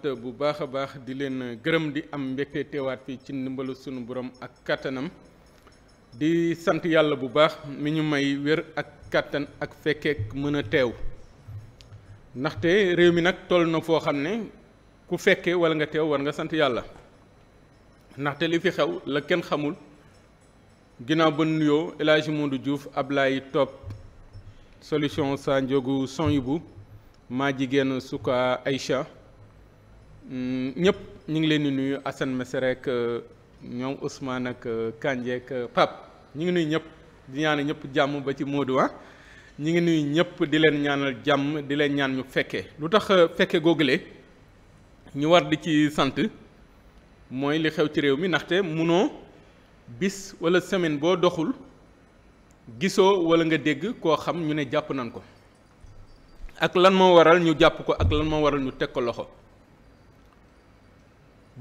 waat bu baax a baax di leen gërëm di am mbégte teewaat fii ci ndimbalu sunu boroom ak kattanam di sant yàlla bu baax mi ñu may wér ak kattan ak fekkeek mën a teew ndaxte réew mi nag toll na foo xam ne ku fekke wala nga teew war nga sant yàlla ndaxte li fi xew la kenn xamul ginnaaw ba nuyoo El Hadji juuf ab lay Top solution sa njogu son bu ma jigéen suka Aïcha Euh, ñëpp ñu ngi leen di nuyu Assane Mesere ak euh, ñoom Ousmane ak euh, Kandji ak ñu ngi nuyu ñëpp di ñaanal ñëpp jàmm ba ci Modou ah ñu ngi nuyu ñëpp di leen ñaanal jàmm di leen ñaan ñu fekkee lu tax fekkee googule ñu war di ci sant mooy li xew ci réew mi ndaxte munoo bis wala semaine boo doxul gisoo wala nga dégg koo xam ñu ne jàpp nañ ko ak lan moo waral ñu jàpp ko ak lan moo waral ñu teg ko loxo.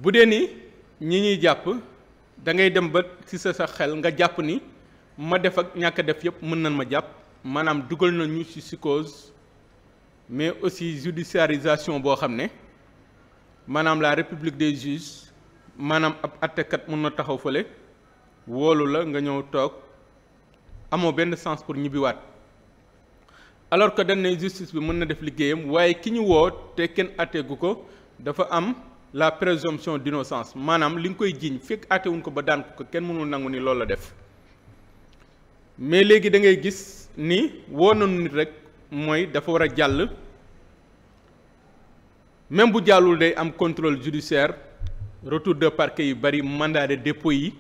bu dee ni ñi ñuy jàpp da ngay dem ba ci sa sa xel nga jàpp ni ma def ak ñàkk def yëpp mën nañ ma jàpp maanaam dugal nañu ci psychose mais aussi judiciarisation boo xam ne maanaam la république des juges maanaam ab àttekat mën na taxaw fale woolu la nga ñëw toog amoo benn sens pour ñibbiwaat alors que dañ justice bi mën na def liggéeyam waaye ki ñu woo te kenn àtteegu ko dafa am. la présomption d'innocence maanaam li nga koy jiiñ fekk ate àttewuñ ko ba daan ko kenn mënul nangu ni loolu la def mais léegi da ngay gis ni woo nañu nit rek mooy dafa war a jàll même bu jàllul day am contrôle judiciaire retour de parquet yu bari mandat de dépôt yi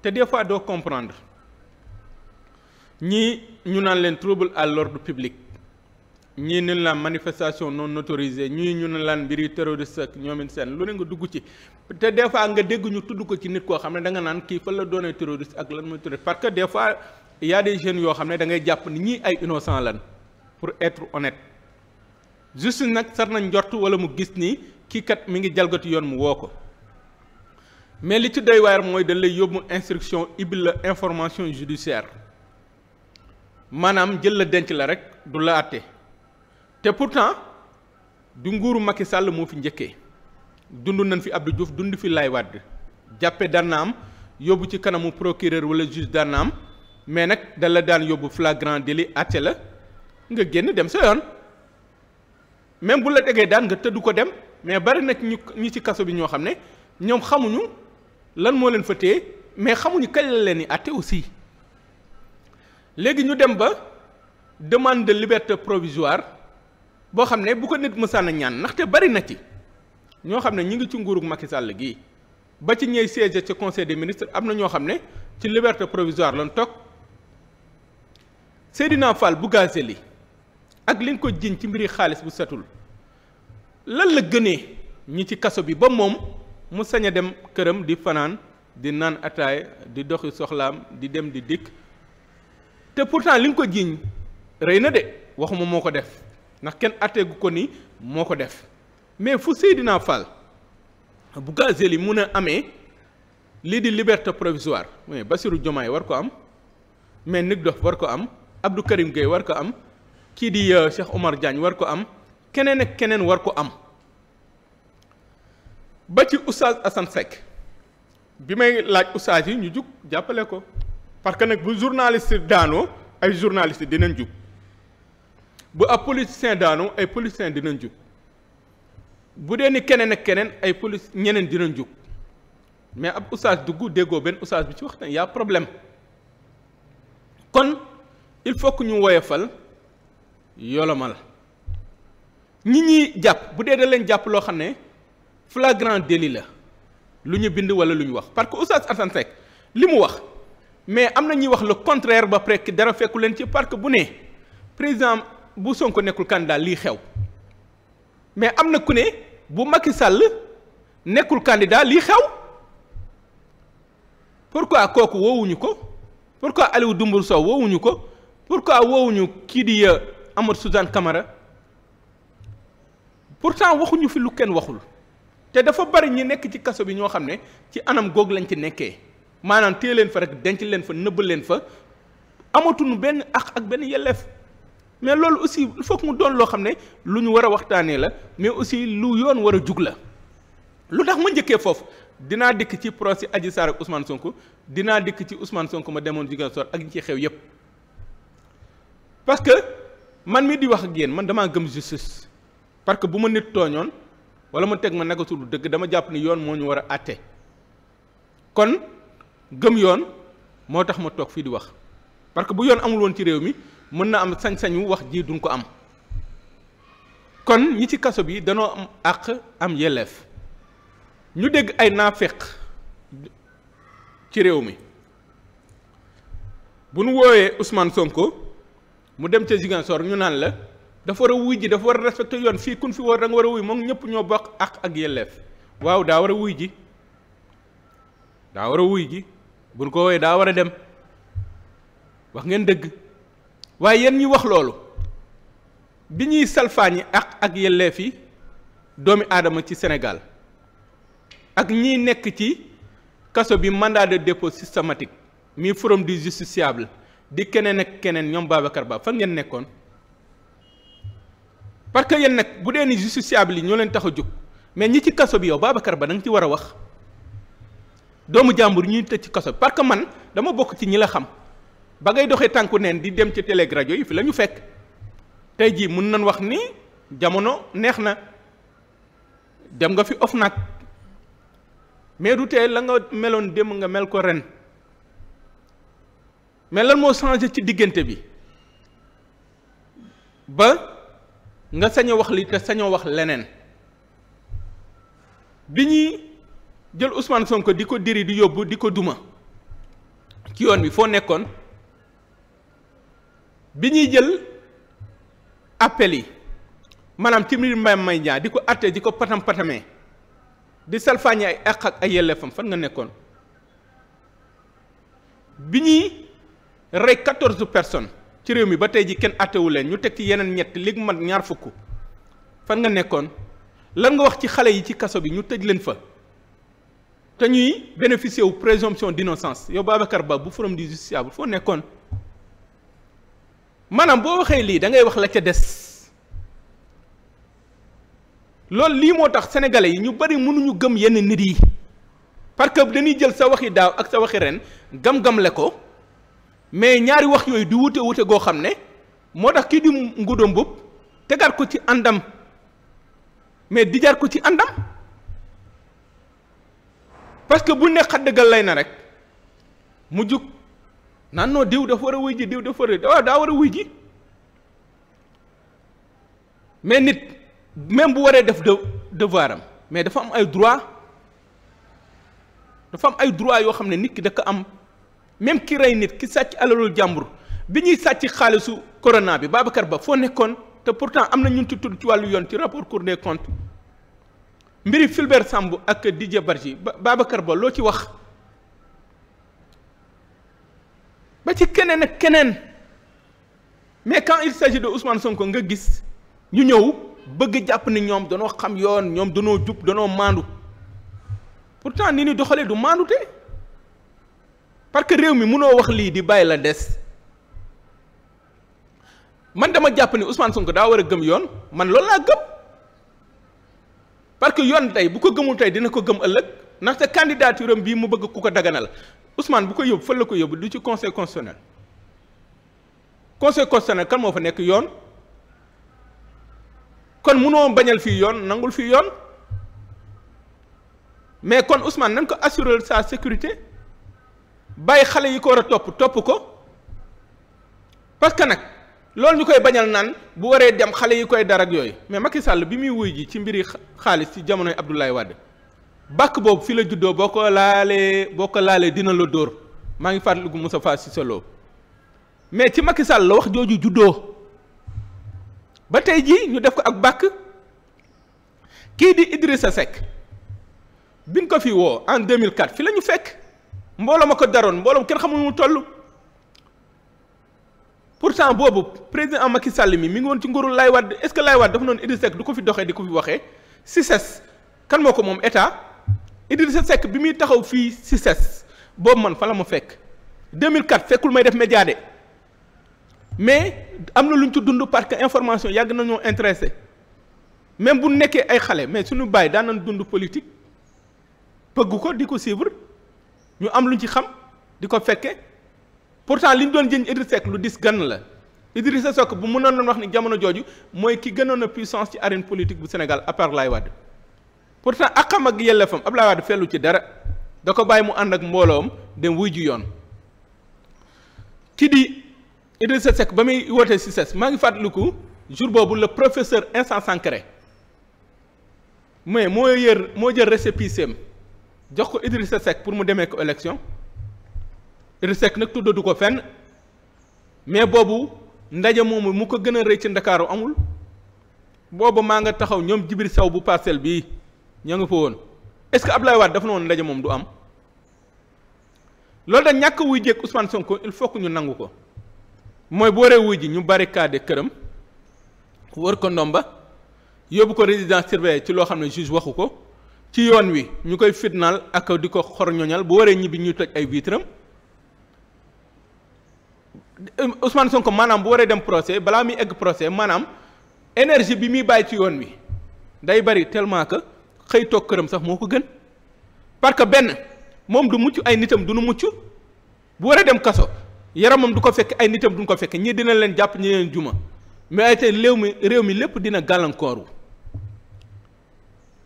te des fois doo comprendre ñii ñu naan leen trouble à l'ordre public ñii ñu la manifestation non autorisée ñii ñu ne laan mbiri terroriste ak ñoomin seen lu ne nga dugg ci te des fois nga dégg ñu tudd ko ci nit koo xam ne danga naan kii fan la doonee terroriste ak lan mooy terroriste parce que des fois y a yoo xam ne dangay ngay jàpp ni ñii ay innocent lan pour être honnête juste nag sar nañ njort wala mu gis ni kii kat mi ngi jalgati yoon mu woo ko mais li ci doy waar mooy dañ lay yóbbu instruction ibil la information judiciaire maanaam jël denc la rek du la te pourtant du nguuru Macky sàll moo fi njëkkee dundu nañ fi Abdou Diouf dundu fi Laye Wade jàppe danaam na yóbbu ci kanamu procureur wala juge daan na mais nag da la daan yóbbu flagrant délit àtte la nga génn dem sa yoon même bu la tegee daan nga tëdd ko dem mais bari nag ñu ñi ci kaso bi ñoo xam ne ñoom xamuñu lan moo leen fa téye mais xamuñu kañ la leen di àtte aussi léegi ñu dem ba demande de liberté provisoire. boo xam ne bu ko nit mu a ñaan ndaxte bari na ci ñoo xam ne ñu ngi ci nguurug Macky Sall gii ba ci ñey siège ci conseil des ministres am na ñoo xam ne ci liberté provisoire lañ toog bu Fall li ak liñ ko jiiñ ci mbiri xaalis bu setul lan la gënee ñi ci kaso bi ba moom mu sañ a dem këram di fanaan di naan ataay di doxi soxlaam di dem di dikk te pourtant liñ ko jiiñ rëy na de waxuma moo ko def ndax kenn atteegu ko ni moo ko def mais fu dinaa Seydina Fall Boughazelli mun a amee lii di liberté provisoire mais Bassirou Diomaye war ko am mais Nick Doff war ko am Abdou Karim Gueye war ko am kii di euh, Cheikh Omar Diagne war ko am keneen ak keneen war ko am ba ci Oustaz Assane bi may laaj Oustaz yi ñu jug jàppale ko parce que nag bu journaliste daanoo ay journaliste dina jug. bu ab politicien daanu ay politicien dinañ jug bu dee ni keneen ak keneen ay police ñeneen dina jug mais ab oustaz dugg déggoo benn oustaz bi ci wax ne y'a problème kon il faut que ñu woyofal yolomal ñi ñuy jàpp bu dee da leen jàpp loo xam ne flagrant délit la lu ñu bind wala lu ñu wax parce que oustaz Assane Seck li mu wax mais am na ñuy wax le contraire ba pare dara fekku leen ci parce que bu ne président bu Sonko nekkul candidat lii xew mais am na ku ne bu Macky Sall nekkul candidat lii xew pourquoi kooku woowuñu ko pourquoi Aliou Dembourou Sow woowuñu ko pour quoi woowuñu kii di euh, Amadou kamara pour pourtant waxuñu fi lu kenn waxul te dafa bari ñi nekk ci kaso bi ñoo xam ne ci anam goog lañ ci nekkee maanaam téye leen fa rek denc leen fa nëbb leen fa amatuñu benn ak ak benn yelleef mais loolu aussi il faut mu doon loo xam ne lu ñu war a waxtaanee la mais aussi lu yoon war a jug la lu tax ma njëkkee foofu dinaa dikk ci procès aji saar ak Ousmane Sonko dinaa dikk ci Ousmane Sonko ma demoon Ziguinchor ak ñi ci xew yépp parce que man mi di wax ak yéen man damaa gëm justice parce que bu ma nit tooñoon wala ma teg ma naka dëgg dama jàpp ni yoon moo ñu war a àtte kon gëm yoon moo tax ma toog fii di wax parce que bu yoon amul woon ci réew mi. mën na am sañ wu wax jii duñ ko am kon ñi ci kaso bi danoo am àq am yelleef ñu dégg ay naafeq ci réew mi bu nu wooyee usmaan Sonko mu dem ca Ziguinchor ñu naan la dafa war a wuy ji dafa war a respecté yoon fii kun fi war da nga war a wuy moom ñëpp ñoo bokk àq ak yelleef waaw daa war a wuy ji daa war a wuy ji buñ ko wooyee daa war a dem wax ngeen dëgg. waaye yéen ñi wax loolu bi ñuy yi ak ak yelleef yi doomi aadama ci Sénégal ak ñiy nekk ci kaso bi mandat de dépôt systématique mi forum du justiciable di keneen ak keneen ñoom Babacar Ba fan ngeen nekkoon parce que yéen nag bu dee ni justiciable yi ñoo leen tax a jóg mais ñi ci kaso bi yow Babacar Ba da nga ci war a wax doomu jàmbur ñuy tëj ci kaso parce que man dama bokk ci ñi la xam. ba ngay doxee tànku neen di dem ci télé rajo yi fi la ñu fekk tey jii mën nañ wax ni jamono neex na dem nga fi of nag mais du tee la nga meloon démm nga mel ko ren mais lan moo changé ci diggante bi ba nga sañ wax li te sañoo wax leneen bi ñuy jël Ousmane Sonko di ko diri di yóbbu di ko duma ci yoon bi foo nekkoon bi ñuy jël appel yi maanaam ci mbir mbay may ñaa di ko atte di ko patam patamee di salfaañi ay àq ak ay yelleefam fan nga nekkoon bi ñuy rey quatorze personnes ci réew mi ba tey ji kenn attewu leen ñu teg ci yeneen ñett léegi mat ñaar fukk fan nga nekkoon lan nga wax ci xale yi ci kaso bi ñu tëj leen fa te ñuy bénéficier wu présomption d'innocence yow Babacar Ba bu forum du justiciable foo nekkoon maanaam boo waxee lii da ngay wax la ca des loolu lii moo tax sénégalais yi ñu bari mënuñu gëm yenn nit yi parce que dañuy jël sa waxi daaw ak sa waxi ren gam-gamle ko mais ñaari wax yooyu di wute wute goo xam ne moo tax kii di ngudo mbub tegaat ko ci àndam mais di jaar ko ci àndam parce que bu ne xaddgal lay na rek mu jug naan non diw dafa war a wuy ji diw dafa war a waaw daa war a wuy ji mais nit même bu waree def devoir am mais dafa am ay droit dafa am ay droit yoo xam ne nit ki da am même ki rey nit ki sàcc alalul jàmbur bi ñuy sàcc xaalisu corona bi Babacar Ba foo nekkoon te pourtant am na ñun ci tudd ci wàllu yoon ci rapport Cour des comptes mbiri Fulbert Sambou ak Didier Badji Babacar Ba loo ci wax ba ci keneen ak keneen mais quand il s'agit de Sonko nga gis ñu ñëw bëgg jàpp ni ñoom danoo xam yoon ñoom danoo jub danoo maandu pourtant ni ni doxalee du maandute parce que réew mi mënoo wax lii di bàyyi la des man dama jàpp ni Ousmane Sonko daa war a gëm yoon man loolu laa gëm parce que yoon tey bu ko gëmul tey dina ko gëm ëllëg ndaxte candidature am bii mu bëgg ku ko daganal Ousmane bu ko yóbbu fan la ko yóbbu du ci conseil constitutionnel conseil constitutionnel kan moo fa nekk yoon kon mënoo bañal fii yoon nangul fii yoon mais kon Ousmane nañ ko assurer sa sécurité bàyyi xale yi ko war a topp topp ko parce que nag loolu ñu koy bañal naan bu waree dem xale yi koy dar ak yooyu mais Macky Sall bi muy wuy ji ci mbiri xaalis ci jamonoy Abdoulaye Wade bàkk boobu fi la juddoo boo ko laalee boo ko laalee dina la dóor maa ngi fàttaliku Moustapha Cissé Lo mais ci Macky Sall la wax jooju juddoo ba tey jii ñu def ko ak bàkk kii di Idrissa Seck biñ ko fi woo en 2004 fi la ñu fekk mbooloo ma ko daroon mbooloo kenn xamul mu toll pourtant boobu président Macky Sall mi mi ngi woon ci nguuru Laye Wade est-ce que Laye Wade dafa noonu Idrissa Seck du ko fi doxee di ko fi waxee ses kan moo ko moom état Idrissa Seck bi muy taxaw fii si ses boobu man fa la ma fekk 2004 fekkul may def média de mais am na lu ñu ci dund parce que information yàgg nañoo ñoo intéressé même bu nekkee ay xale mais suñu bàyyi daan nañ dund politique bëgg ko di ko suivre ñu am lu ñu ci xam di ko fekke pourtant li ñu doon jëñ Idrissa Seck lu dis gann la Idrissa Seck bu mënoon wax ni jamono jooju mooy ki gënoon a puissance ci arène politique bu Sénégal à part Laye Wade pour akam ak yelleefam Abdoulaye Wade felu ci dara da ko bàyyi mu ànd ak mbooloom dem wuy ji yoon kii di sa Seck ba muy wootee si ses maa ngi fàttaliku jour boobu la professeur Vincent Sankharé mais moo yër moo jël récépissé jox ko sa Seck pour mu demee ko élection Idrissa Seck nag tuddatu ko fenn mais boobu ndaje moomu mu ko gën a rëy ci Ndakaaru amul booba maa nga taxaw ñoom Jibril Saw bu parcelle bii ña nga fa woon est-ce que Abdoulaye Wade dafa na woon ndaje moom du am loolu da ñàkk wuy jéeg Ousmane Sonko il faut ñu nangu ko mooy boo ree wuy ji ñu barricade këram wër ko ndomba yóbbu ko résidence surveillée ci loo xam ne juge waxu ko ci yoon wi ñu koy fitnaal ak di ko xorñoñal bu waree ñibbi ñuy toj ay vitram Ousmane Sonko maanaam bu waree dem procès balaa muy egg procès maanaam énergie bi muy bàyyi ci yoon wi day bari tellement que xëy këram sax moo ko gën parce que benn moom du mucc ay nitam du nu mucc bu war dem kaso yaramam du ko fekk ay nitam duñ ko fekk ñii dina leen jàpp ñi leen juma mais ay tey réew mi réew mi lépp dina gàllankooru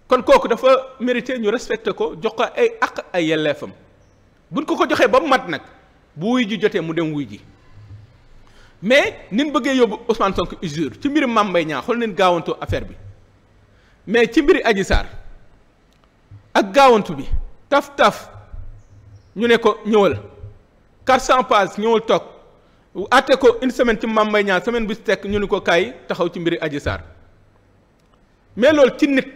kon kooku dafa mérité ñu respecté ko jox ko ay àq ay yelleefam buñ ko ko joxee ba mu mat nag bu wuy ji jotee mu dem wuy ji mais nin bëggee yóbbu Ousmane Sonko usure ci mbiri Mame Mbaye Niang xool nin gaawantoo affaire bi mais ci mbiri Adji Sarr ak gaawantu bi taf taf ñu ne ko ñëwal quatre cent pages ñëwal toog àtte ko une semaine ci Mame Mbaye semaine bu si tekk ñu ni ko kaay taxaw ci mbiri Adji Sarr mais loolu ci nit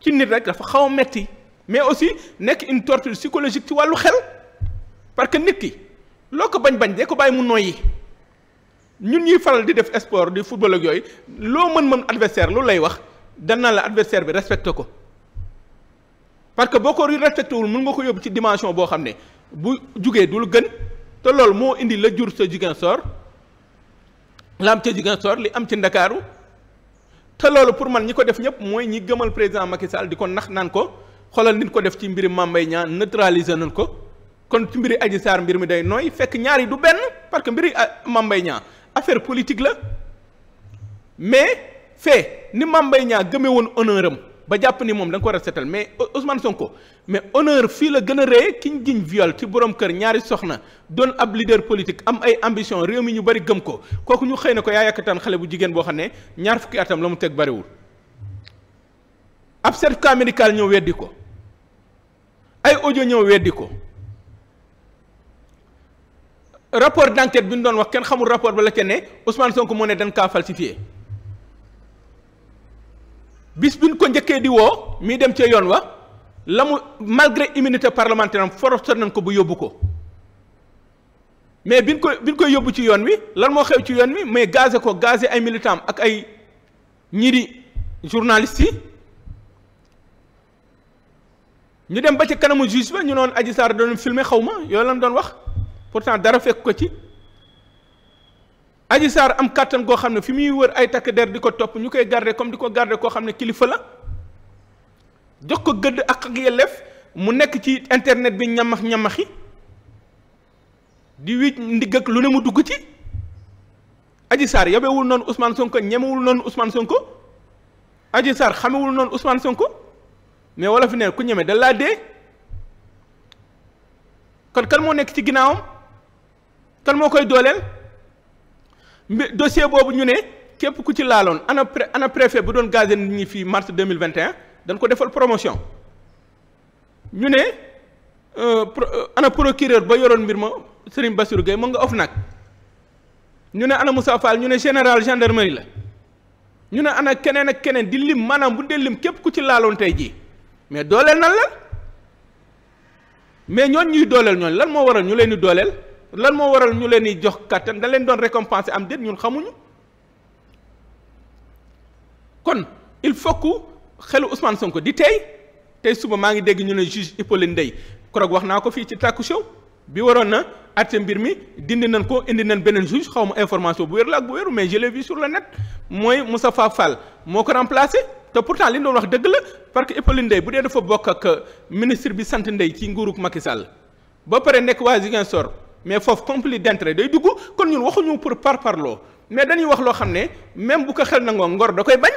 ci nit rek dafa xaw a metti mais aussi nekk une torture psychologique ci wàllu xel parce que nit ki loo ko bañ bañ dee ko bàyyi mu noyyi ñun ñuy faral di def sport di football ak yooyu loo mën mën adversaire lu lay wax naa la adversaire bi respecté ko parce que boo ko respecté wul mën nga ko yóbbu ci dimension boo xam ne bu jugee dul gën te loolu moo indi la jur sa Ziguinchor la am ca Ziguinchor li am ci ndakaaru te loolu pour man ñi ko def ñëpp mooy ñi gëmal président Macky Sall di ko nax naan ko xoolal nit ko def ci mbiri Mame Mbaye Niang neutraliser nañ ko kon ci mbiri Adji Sarr mbir mi day nooy fekk ñaari du benn parce que mbiri ah, Mame Mbaye Niang affaire politique la mais fee ni Mame Mbaye Niang woon honneur am ba jàpp ni moom da nga ko war a setal mais Ousmane Sonko mais honneur fii la gën a rëy ki ñu jiñ ci borom kër ñaari soxna doon ab leader politique am ay ambition réew mi ñu bari gëm ko kooku ñu xëy na ko yaa yàkkataan xale bu jigéen boo xam ne ñaar fukki atam la mu teg bariwul ab certificat médical ñëw weddi ko ay audio ñëw weddi ko rapport d'enquête bi ñu doon wax kenn xamul rapport ba la ca ne Ousmane ko moo ne dañ kaa falsifié. bis bi ñu ko njëkkee di woo mii dem ca yoon wa la mu malgré immunité parlementaire am nañ ko bu yóbbu ko mais bi ñu ko bi koy yóbbu ci yoon wi lan moo xew ci yoon wi mais gazé ko gazé ay militant ak ay ñii di journalistes yi ñu dem ba ci kanamu juge ba ñu noon Adji Sarr doon filmer xaw ma yooyu lan doon wax pourtant dara fekk ko ci. Adji Sarr am kàttan goo xam ne fi muy wër ay takk der di ko topp ñu koy garder comme di ko garder koo xam ne kilifa la jox ko gëdd ak ak yelleef mu nekk ci internet bi ñamax ñamaxi di wii ndigg ak lu ne mu dugg ci Adji Sarr yabewul noonu usmaan Sonko ñemewul noonu usmaan Sonko Adji Sarr xamewul noonu Ousmane Sonko mais wala fi ne ku ñeme da laa dee kon kan moo nekk ci ginnaawam kan moo koy dooleel. dossier boobu ñu ne képp ku ci laaloon ana pré ana préfet bu doon gazé nit ñi fi mars deux mille vingt et un dañ ko defal promotion ñu ne euh, euh, ana procureur ba yoroon mbir ma Serigne Bassirou Gueye mu nga of nag ñu ne ana Moussa Fall ñu ne général gendarmerie la ñu ne ana keneen ak keneen di lim maanaam bu dee lim képp ku ci laaloon tey jii mais dooleel na la mais ñooñ ñuy dooleel ñooñ lan moo waral ñu leen di dooleel. lan moo waral ñu leen di jox kàttan da leen doon récompenser am déet ñun xamuñu kon il faut que xelu Ousmane Sonko di tey tey suba maa ngi dégg ñu ne juge Hippolyte Ndeye Korog wax naa ko fii ci Taku Show bi waroon na àtte mbir mi dindi nan ko indi nañ beneen juge xaw ma information bu wér la ak bu wéru mais je l'ai vu sur le net mooy Moustapha Fall moo ko remplacé te pourtant li ñu doon wax dëgg la parce que Hippolyte Ndeye bu dee dafa bokk ak ministre bi sant ndey ci nguurug Macky Sall ba pare nekk waa Ziguinchor. mais foofu conflit d'intérêt day dugg kon ñun waxuñu pour par parloo mais dañuy wax loo xam ne même bu ko xel nangoo ngor da koy bañ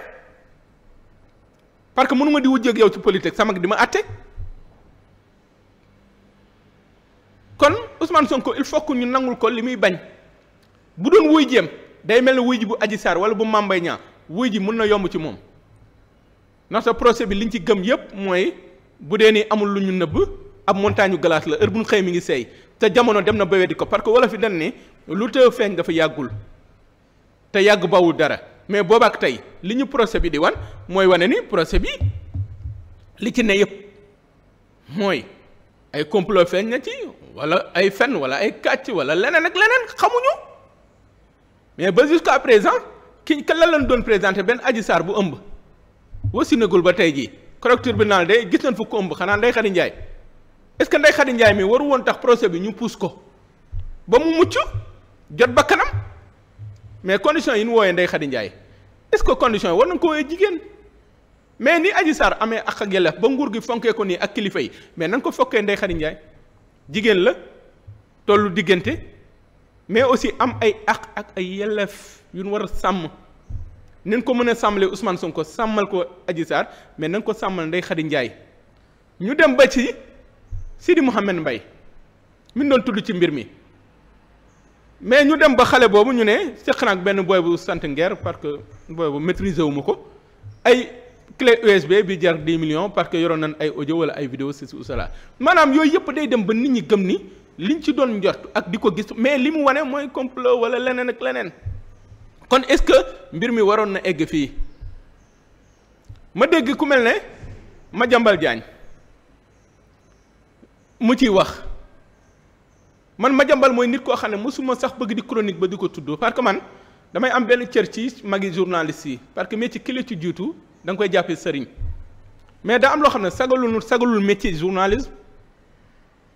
parce que mënu ma di wujjee yow ci politique sama di ma àtte kon Ousmane Sonko il faut que ñu nangul ko li muy bañ bu doon wuy jéem day mel ne wuy ji bu Adji Sarr wala bu Mame Mbaye Niang wuy ji mun na yomb ci moom ndax sa procès bi liñ ci gëm yépp mooy bu dee ni amul lu ñu nëbb ab montagne glace la heure bu ñu xëy mi ngi sey te jamono dem na ba weddi ko parce que wala fi dañ ne lu teew feeñ dafa yàggul te yàgg bawul dara mais boobaak tey li ñu procès bi di wan mooy wane ni procès bi li ci ne yëpp mooy ay complot feeñ na ci wala ay fen wala ay kàcc wala leneen ak leneen xamuñu mais ba jusqu'à présent ki kan la leen doon présenté benn aji saar bu ëmb wasinagul ba tey jii correcteur bi naan de gis nañ fu ko ëmb xanaa Ndeye Khady Ndiaye est-ce que Ndeye Khady Ndiaye mi waru woon tax procès bi ñu pousse ko ba mu mucc jot ba kanam mais condition yi nu wooyee Ndeye Khady Ndiaye est-ce que condition yi war na ko wooyee jigéen mais ni Adji Sarr amee ak ak yelleef ba nguur gi fonkee ko nii ak kilifa yi mais nañ ko fokkee Ndeye Khady Ndiaye jigéen la tollu diggante mais aussi am ay ak ak ay yelleef yu nu war a sàmm nañ ko mën a sàmmalee Ousmane ko sàmmal ko Adji Sarr mais nañ ko sàmmal Ndeye Khady Ndiaye ñu Sidi Mouhamed mbay min doon tudd ci mbir mi mais ñu dem ba xale boobu ñu ne seq naag benn booy bu sant ngeer parce que booy bu maîtriser wu ko ay clé USB bi jar 10 million parce que yoroon nañ ay audio wala ay vidéo ceci ou cela maanaam yooyu yëpp day dem ba nit ñi gëm ni liñ ci doon njort ak di ko gis mais li mu wane mooy complot wala leneen ak leneen kon est-ce que mbir mi waroon na egg fii ma dégg ku mel ne ma Madiambal Diagne mu ciy wax man ma jambal mooy nit koo xam ne mosuma sax bëgg di chronique ba di ko tudd parce que man damay am benn cër ci magi journaliste yi parce que métier ki ci jiitu danga koy jàppee sëriñ mais da am loo xam ne sagalul sagalul métier journalisme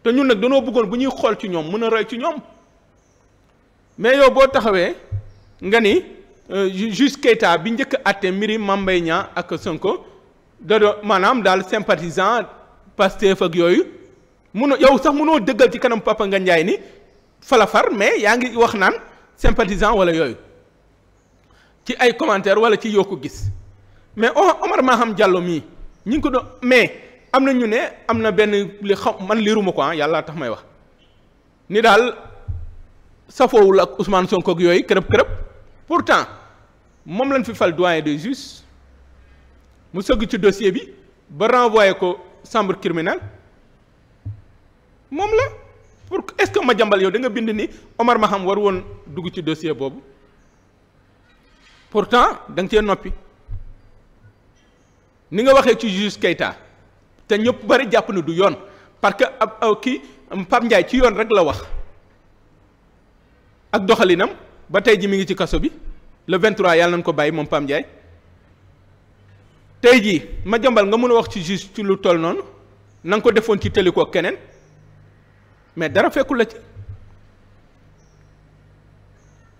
te ñun nag danoo bëggoon bu ñuy xool ci ñoom mën a rey ci ñoom mais yow boo taxawee nga ni euh, juge Keita bi njëkk a àtte mbiri Mame ñaa ak Sonko da manaam maanaam daal sympathisant Pastef ak yooyu. munoo yow sax munoo dëggal ci kanam Papa nga njaay ni fala far mais yaa ngi wax naan sympathisant wala yooyu ci ay commentaire wala ci yokk gis mais Omar Maham Diallo mii ñu ngi ko doon mais am na ñu ne am na benn li xaw man liiruma ko ah yàlla tax may wax ni daal safoowul ak Ousmane Sonko ak yooyu kërëb kërëb pourtant moom lañ fi fal doyen des juges mu sëgg ci dossier bi ba renvoyé ko chambre criminelle moom la pour est-ce que Madiambal yow da nga bind ni Omar xam war woon dugg ci dossier boobu pourtant da nga cee noppi ni nga waxee ci juge Keita te ñëpp bari jàpp na du yoon parce que ab kii Pape Ndiaye ci yoon rek la wax ak doxalinam ba tey ji mi ngi ci kaso bi le 23 yàlla nañ ko bàyyi moom Pape Ndiaye tey jii Madiambal nga mën a wax ci juge ci lu toll noonu na ko defoon ci télé ko keneen. mais dara fekkul la ci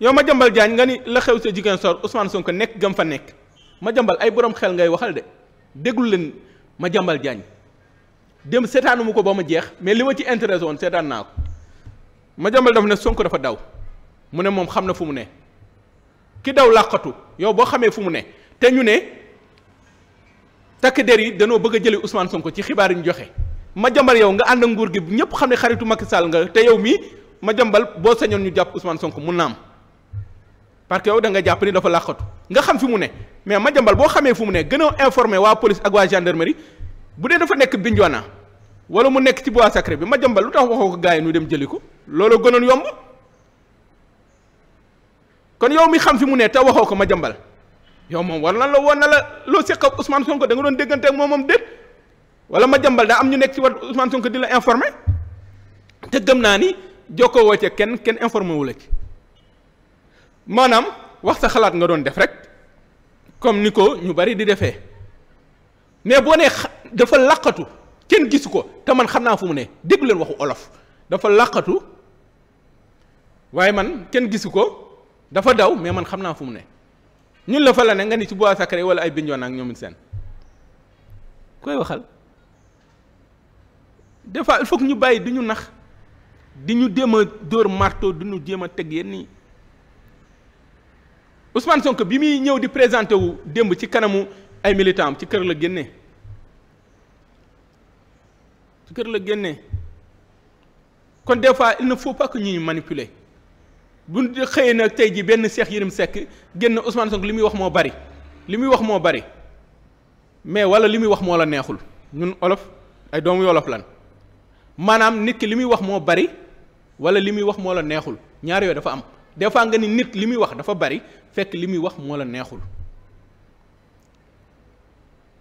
yow ma jambal jaañ nga ni la xew sa jigéen sor Ousmane Sonko nekk gëm fa nekk ma jambal ay borom xel ngay waxal de déglu leen ma jambal jaañ dem seetaanu mu ko ba ma jeex mais li ma ci intéressé woon seetaan naa ko ma jambal dafa ne Sonko dafa daw mu ne moom xam na fu mu ne ki daw làqatu yow boo xamee fu mu ne te ñu ne takk der yi danoo bëgg a jëli Ousmane Sonko ci xibaar yi ñu joxe. ma Madiambal yow nga ànd nguur gi ñëpp xam ne xaritu Macky Sall nga te yow mii Madiambal boo sañoon ñu jàpp Ousmane Sonko mun naam am parce que da nga jàpp ni dafa làqatu nga xam fi mu ne mais ma Madiambal boo xamee fu mu ne gën a informé waa police ak waa gendarmerie bu dee dafa nekk Bignona wala mu nekk ci bois sacré bi ma Madiambal lu tax waxoo ko gars yi ñu dem jëli ko loolu gënoon yomb kon yow mi xam fi mu ne te waxoo ko ma Madiambal yow moom war na la woon na la loo seq ak Sonko da doon déggante moom moom déet. wala ma jàmbal daa am ñu nekk ci wat Ousmane Sonko di la informé te gëm naa ni jokkoo woo ca kenn kenn informé wu la ci maanaam wax sa xalaat nga doon def rek comme ni ko ñu bari di defee mais boo nee laqatu kenn gisu ko man xam naa fu mu ne déglu leen olof dafa laqatu waaye man kenn gisu ko dafa daw mais man xam naa fu mu ne ñun la fa la ne nga ni ci bois sacré wala ay bindoon ak ñoom seen koy waxal. des fois il faut que ñu bàyyi duñu nax di ñu jéem a dóor marteau duñu ñu jéem a teg yenn nii Ousmane bi muy ñëw di présenté wu démb ci kanamu ay militant ci kër la génne ci kër la génnee kon des fois il ne faut pas que ñuy manipuler bu ñu xëyee nag tey ji benn seex Yérim Seck génn Ousmane Sonko li muy wax moo bari li muy wax moo bari mais wala li muy wax moo la neexul ñun olof ay doomu yoolof lan maanaam nit ki li muy wax moo bari wala li muy wax moo la neexul ñaar yooyu dafa am des fois nga ni nit li muy wax dafa bari fekk li muy wax moo la neexul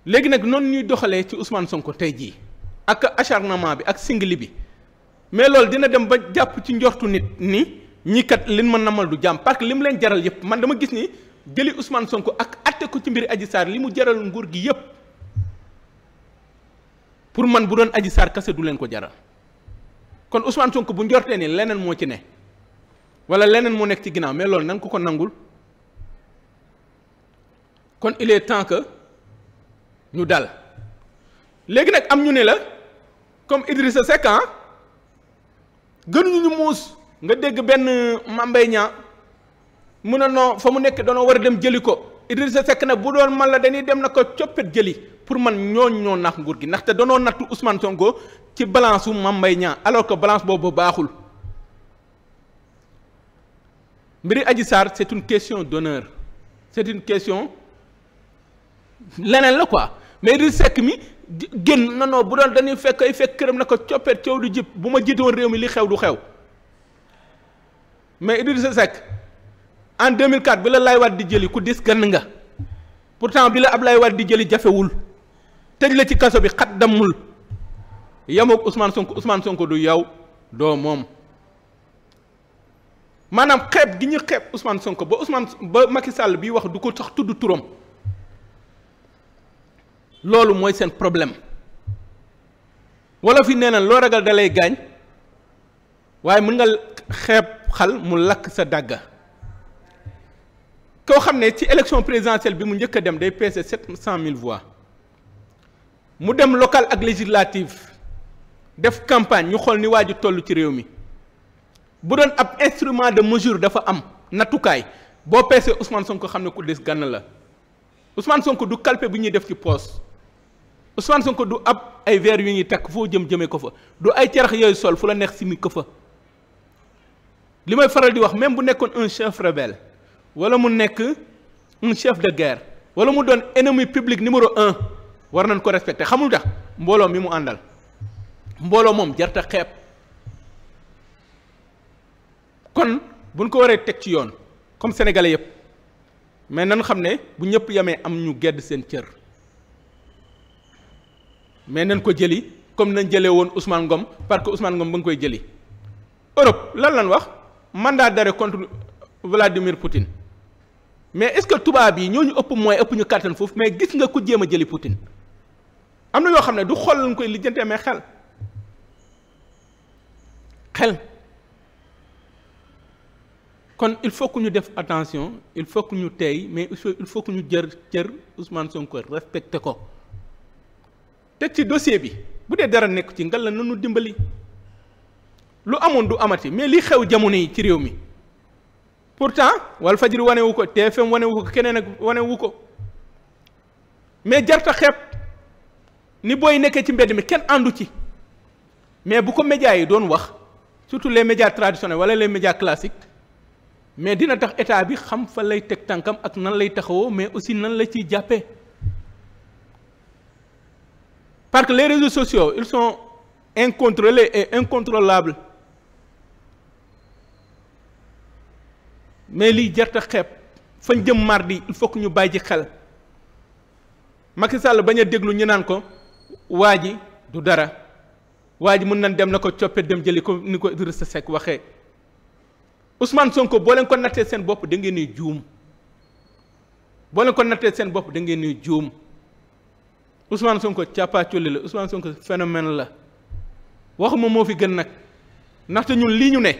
léegi nag noonu ñuy doxalee ci Ousmane Sonko tey jii ak acharnement bi ak singli bi mais loolu dina dem ba jàpp ci njortu nit ni ñii kat lin ma namal du jàmm parce li mu leen jaral yëpp man dama gis ni jëli Ousmane Sonko ak atte ko ci mbir Adji Sarr li mu jaral nguur gi yëpp pour man bu doon aji saar kase du leen ko jaral kon Ousmane Sonko bu njortee ni leneen moo ci ne wala leneen moo nekk ci ginnaaw mais loolu nan ko ko nangul kon il est temps que ñu dal léegi nag am ñu ne la comme Idrissa sa ah gënuñu ñu muus nga dégg benn Mame Mbaye Niang mun a noo fa mu nekkee danoo war a dem jëli ko Idrissa Seck ne bu doon man la dañuy dem na ko coppet jëli pour man ñooñ ñoo nax nguur gi ndaxte danoo nattu Ousmane songo ci balance wu Mame Mbaye Niang ko que balance boobu baaxul mbiri Adji Sarr c'est une question d'honneur c'est une question leneen la quoi mais Idrissa Seck mi génn non bu doon dañuy fekk ay fekk këram na ko coppet coow du jib bu ma jiite woon réew mi li xew du xew mais Idrissa Seck en 2004 bi la Laay Wade di jëli ku dis gën nga pourtant bi la lay Wade di jëli jafewul tëj la ci kaso bi xat dammul yemoog Ousmane Sonko usmaan Sonko du yow doo moom maanaam xeeb gi ñu xeeb Ousmane Sonko ba Ousmane ba Macky Sall bi wax du ko sax tudd turam loolu mooy seen problème wala fi nee na loo ragal da gaañ waaye mën nga xeeb xal mu lakk sa dàgga koo xam ne ci élection présidentielle bi mu njëkk dem day peese sept cent mille voix mu dem local ak législative def campagne ñu xool ni waa ji toll ci réew mi bu doon ab instrument de mesure dafa am nattukaay boo peesee Ousmane Sonko xam ne ku des gann la Ousmane Sonko du calpe bu ñuy def ci poos Ousmane Sonko du ab ay verre yu ñuy takk foo jëm jëmee ko fa du ay cerax yooyu sol fu la neex simi ko fa li may faral di wax même bu nekkoon un chef rebelle wala mu nekk un chef de guerre wala mu doon ennemi public numéro un war nañ ko respecté xamul tax mbooloo mi mu àndal mbooloo moom jarta xeeb kon buñ ko waree teg ci yoon comme sénégalais yëpp mais nan xam ne bu ñëpp yamee am ñu gedd seen cër mais nañ ko jëli comme nañ jëlee woon Ousmane Ngom parce que Ousmane Ngom ba nga koy jëli Europe lan lan wax man mandat d'arrêt contre Vladimir Poutine mais est-ce que tubaab yi ñoo ñu ëpp mooy ëpp ñu kàttan foofu mais gis nga ku jéem a jëli Poutine am na yoo xam ne du xool lañ koy lijjantee mais xel xel kon il faut que ñu def attention il faut que ñu tey mais il faut que ñu jër cër Ousmane Sonko respecté ko te ci dossier bi bu dee dara nekk ci ngal la nanu dimbali lu amoon du amati mais li xew jamono yi ci réew mi pourtant Walfadjri wane wu ko TFM wane wu ko keneen ak wane wu ko mais jarta xeeb ni booy nekkee ci mbedd mi kenn àndu ci mais bu ko médias yi doon wax surtout les médias traditionnels wala les médias classiques mais dina tax état bi xam fa lay teg tànkam ak nan lay taxawoo mais aussi nan la ciy jàppee parce que les réseaux sociaux ils sont incontrôlés et incontrôlables mais lii jarta xeeb fañ jëm mardi il faut que ñu bàyyi ci xel Macky Sall bañ a déglu ñu naan ko waa ji du dara waa ji mën nañ dem na ko coppe dem jëli ko ni ko Idrissa Seck waxee Ousmane Sonko boo leen ko nattee seen bopp da ngeen di juum boo leen ko nattee seen bopp da ngeen di juum Sonko càppaaculi la Ousmane Sonko phénomène la waxuma moo fi gën nag ndaxte ñun lii ñu ne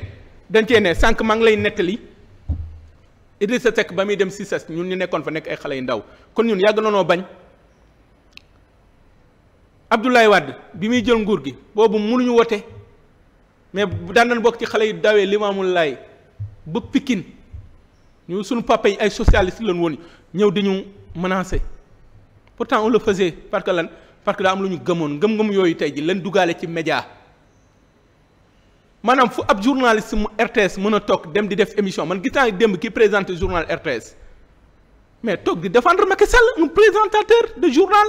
dañ ne sànq maa lay nettali. Idrissa Seck ba muy dem si ñun ñu nekkoon fa nekk ay xale yu ndaw kon ñun yàgg na noo bañ Abdoulaye Wade bi muy jël nguur gi boobu ñu wote mais daan nañ bokk ci xale yu dawee Limaamul Laay ba Pikine ñu sunu papa yi ay socialiste leen woon ñëw di ñu menacer pourtant on le faisait que lan parce que daa am lu ñu gëmoon ngëm-ngëm yooyu tey ji leen dugaale ci média maanaam fu ab journaliste mu RTS mën a toog dem di def émission man gis naa ne démb ki présenté journal RTS mais toog di défendre Macky Sall un présentateur de journal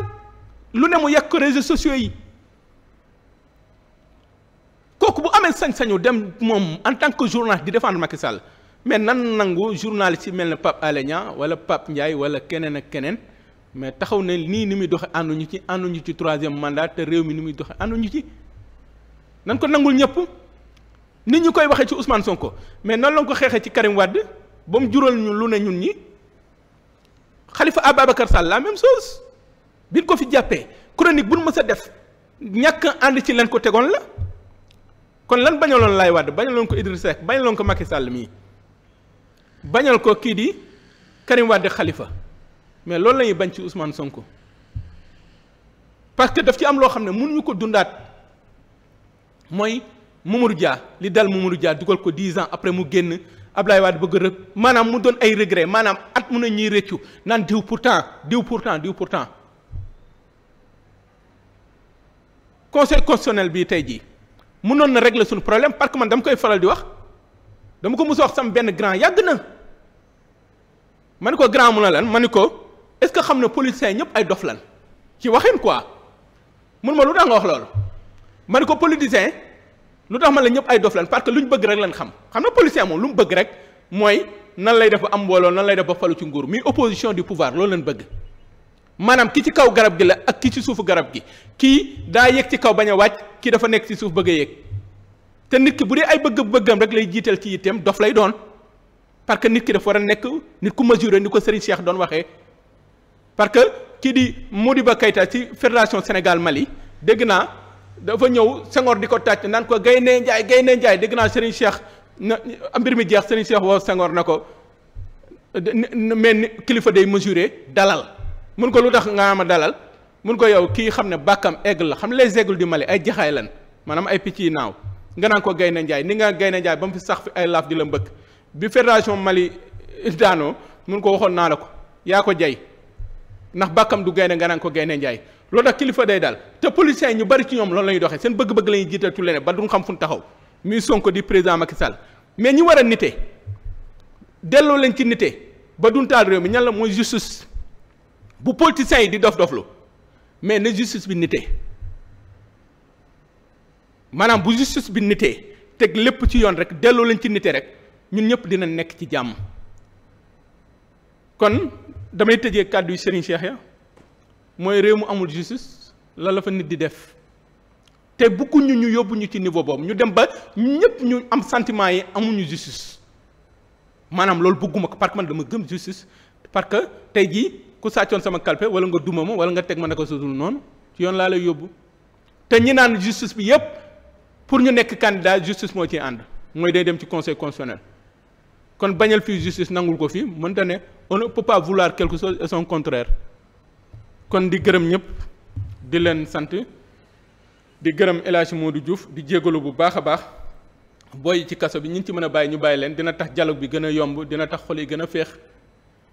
lu ne mu yàq ko réseaux kooku bu amee sañ-sañu dem moom en tant que journaliste di défendre Macky Sall mais nan nangu journaliste ci mel ne Pape Alé Niang wala Pape Ndiaye wala keneen ak keneen mais taxaw ne nii ni muy doxe ànduñu ci ñu ci troisième mandat te réew mi ni muy doxe ànduñu ci nan ko nangul ñëpp nit ñu koy waxee ci son ko mais noonu la ko xeexee ci Karim Wade ba mu jural ñu lu ne ñun ñi Khalifa Ababacar Sall la même chose biñ ko fi jàppee chronique buñ mës a def ñàkk ànd ci leen ko tegoon la kon lan bañaloon Laay Wade bañaloon ko Idrissa Seck bañaloon ko Macky sàll mii bañal ko kii di Karim Wade Khalifa mais loolu la bañ ci Ousmane Sonko parce que daf ci am loo xam ne mënuñu ko dundaat mooy. Mamadou Dia li dal Mamadou Dia dugal ko dix ans après mu génn Ablaye Wade bëgg rëg maanaam mu doon ay regret maanaam at mun na ñuy rëccu naan diw pour pourtant diw pourtant diw pourtant conseil constitutionnel bi tey jii mënoon na régler suñu problème parce que man dama koy faral di wax dama ko mos wax sam benn grand yàgg na ma ni ko grand mu na lan ma ni ko est-ce que xam ne politiciens ñëpp ay dof lan ci waxin quoi mun ma lu daa nga wax loolu ma ni ko politiciens lu tax man la ñëpp ay dof lan parce lu ñu bëgg rek lan xam xam na policier moom lu mu bëgg rek mooy nan lay def am mbooloo nan lay def ba falu ci nguur mi opposition du pouvoir loolu lañ bëgg maanaam ki ci kaw garab gi la ak ki ci suufu garab gi kii daa yëg ci kaw bañ a wàcc kii dafa nekk ci suuf bëgg a yëg te nit ki bu dee ay bëgg-bëggam rek lay jiital ci yitteem dof lay doon parce que nit ki dafa war a nekk nit ku mesuré ni ko Serigne Cheikh doon waxee parce que kii di Modibo Keïta ci fédération Sénégal Mali dégg naa. dafa ñëw Senghor di ko tàcc naan ko Gaynde Njaay Gaynde Njaay dégg naa na mbir mi jeex Serigne Cheikh woo Senghor na ko ni kilifa day mesure dalal mun ko lu tax nga ma dalal mun ko yow kii xam ne bàkkam aigle la xam les aigles du Mali ay jaxaay lan maanaam ay picc yi naaw nga naan ko Gaynde Njaay ni nga Gaynde Njaay ba mu fi sax fi ay laaf di la mbëkk bi fédération Mali daanoo mun ko waxoon naa la ko yaa ko jay ndax bàkkam du gaynde nga naan ko Gaynde Njaay loolu tax kilifa day daal te politiciens yi ñu bari ci ñoom loolu la ñuy doxee seen bëgg-bëgg la ñuy jiital ci leneen ba duñ xam fu ñu taxaw muy sonk di président Macky Sall mais ñi war a nite delloo leen ci nite ba duñ taal réew mi ñan la mooy justice bu politiciens yi di dof-doflu mais na justice bi nite maanaam bu justice bi nitee teg lépp ci yoon rek delloo leen ci nite rek ñun ñëpp dina nekk ci jàmm kon damay tëjee kàddu yi Serigne Cheikh ya mooy réew mu amul justice la la fa nit di def te bëgguñu ñu yóbbu ñu ci niveau boobu ñu dem ba ñëpp ñu am sentiment yi amuñu justice maanaam loolu bëgguma ko parce que man dama gëm justice parce que tey jii ku sàccoon sama kalpe wala nga duma ma wala nga teg ma naka sudul noonu ci yoon laa lay yóbbu te ñi naan justice bi yëpp pour ñu nekk candidat justice moo ciy ànd mooy day dem ci conseil constitutionnel kon bañal fii justice nangul ko fii mënta ne on ne peut pas son contraire kon di gërëm ñëpp di leen sant di gërëm El moo Modou Diouf di jégalu bu baax a baax boy ci kaso bi ñi ci mën a bàyyi ñu bàyyi leen dina tax dialogue bi gën a yomb dina tax xol yi gën a féex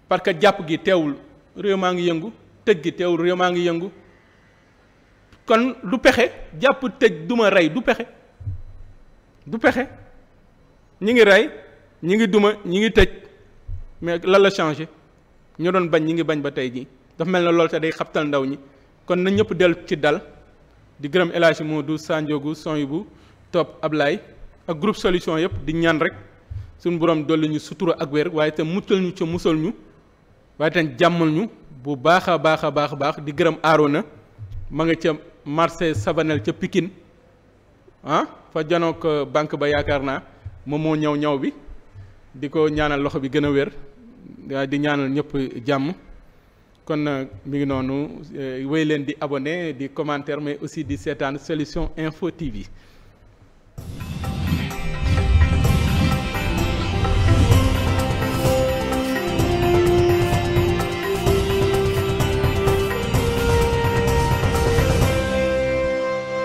parce que jàpp gi teewul réew maa ngi yëngu tëj gi teewul réew maa ngi yëngu kon du pexe jàpp tëj duma rey du pexe du pexe ñi ngi rey ñi ngi duma ñi ngi tëj mais lan la changé ñu doon bañ ñi ngi bañ ba tey jii dafa mel na loolu te day xabtal ndaw ñi kon na ñëpp dellu ci dal di gërëm El Hadji Modou Sanjogu Sonybu Top Ablaye ak groupe solution yëpp di ñaan rek suñu borom dolli ñu sutura ak wér waaye tam muccal ñu ca musal ñu waaye te jàmmal ñu bu baax a baax a baax a baax di gërëm Arona ma nga ca marché Savanel ca pikin ah fa janook euh, banque ba yaakaar naa moom moo ñëw ñëw bi di ko ñaanal loxo bi gën a wér di ñaanal ñëpp jàmm kon euh, mi ngi noonu euh, wéy leen di abonné di commentaire mais aussi di seetaan solution info TV.